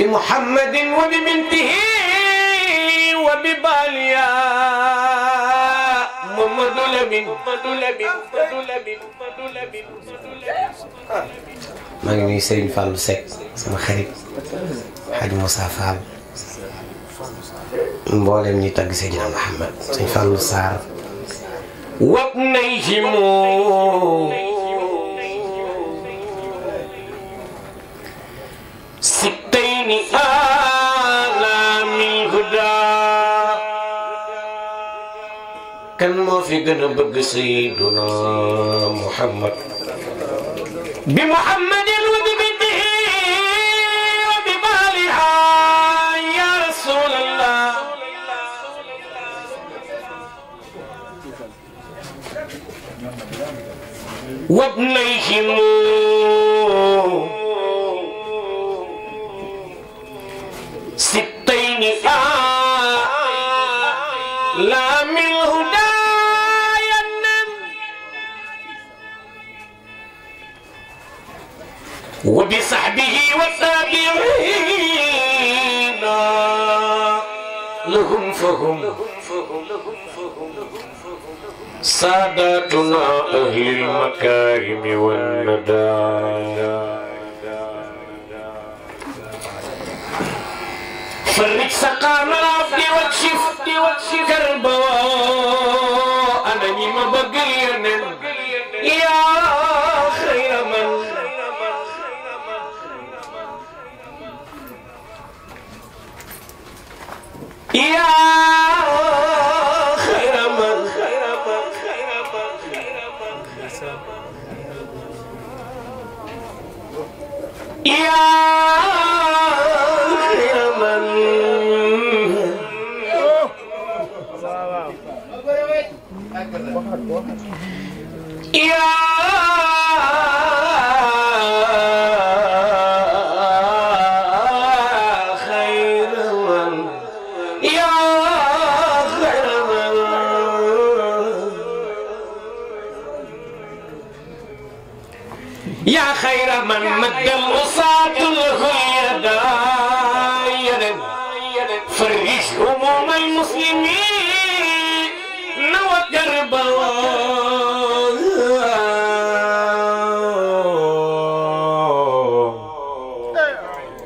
بمحمد وببنته وببالياء محمد لبن محمد لبن محمد لبن محمد لبن محمد لبن محمد لبن محمد لبن mbolem ni tag seydina muhammad seyd fallu sar wapnay jimo ستين آلام الهدى كان ما في قلب سيدنا محمد بمحمد وببته وببالها يا رسول الله وابنيهم ستين آه. لا من الهدى ينم وبصحبه والتابعين لهم فهم ساداتنا أهل المكارم والندى منك وتشف انا ما يا خير من يا خير من يا من مد الوساط الهيدا فرج هموم المسلمين وكربلاء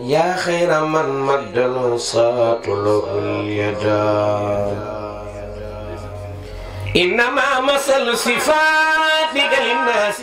يا خير من مد الوساط الهيدا إنما مثل صفاتك للناس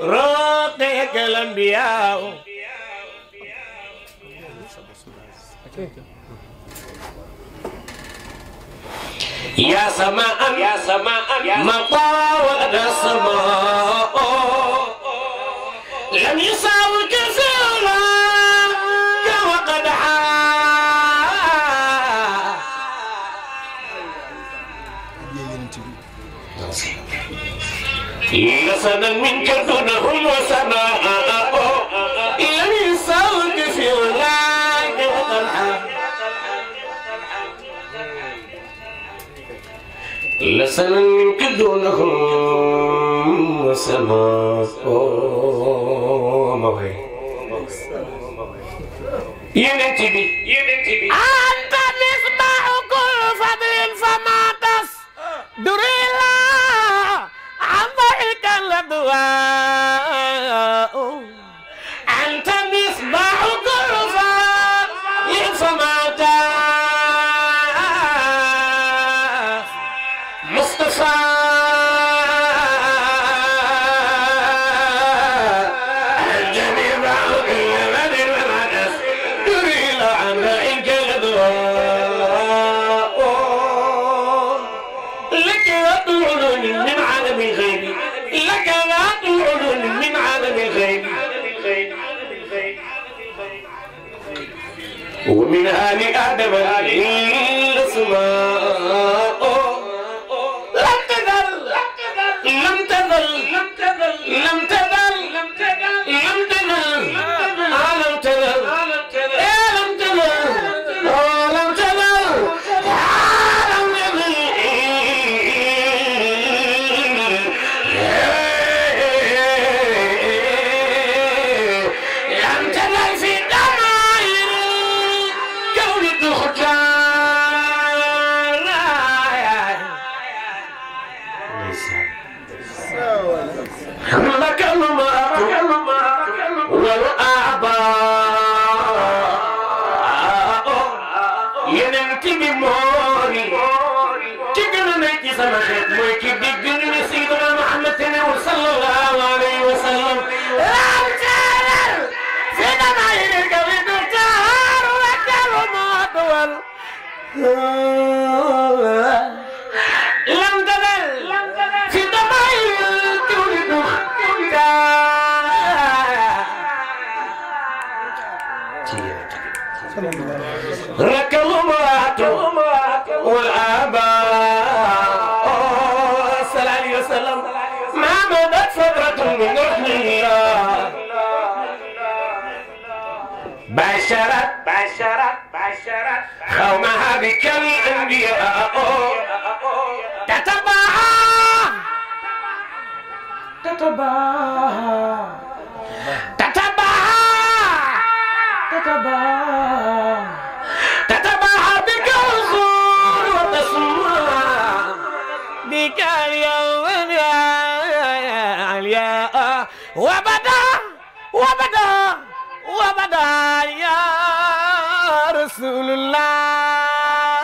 rote kelan biau Ya samaan ya samaan ya. mata wa ada lam حسنا منك دونهم وسماء لم يساوك في ولاك لسنا منك دونهم وسماء يا نتبي يا نتبي آه، love the world. من آل آدم الأسماء لم تذل لم تذل لم تذل لك الماء والآباء يننتي بموري كيكنا نيكي سما خيط مويكي بيجنني سيدنا محمد صلى الله عليه وسلم سيدنا يرقى بدر والدار وما دول وسلم ما مدت فترة من رحمها بشرت بشرت بشرت قومها بكم انبياء تتبعها تتبعها تتبعها تتبعها بك اليوم العلياء وبدا وبدا وبدا يا رسول الله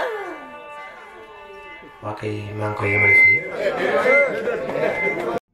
اوكي مانكو يا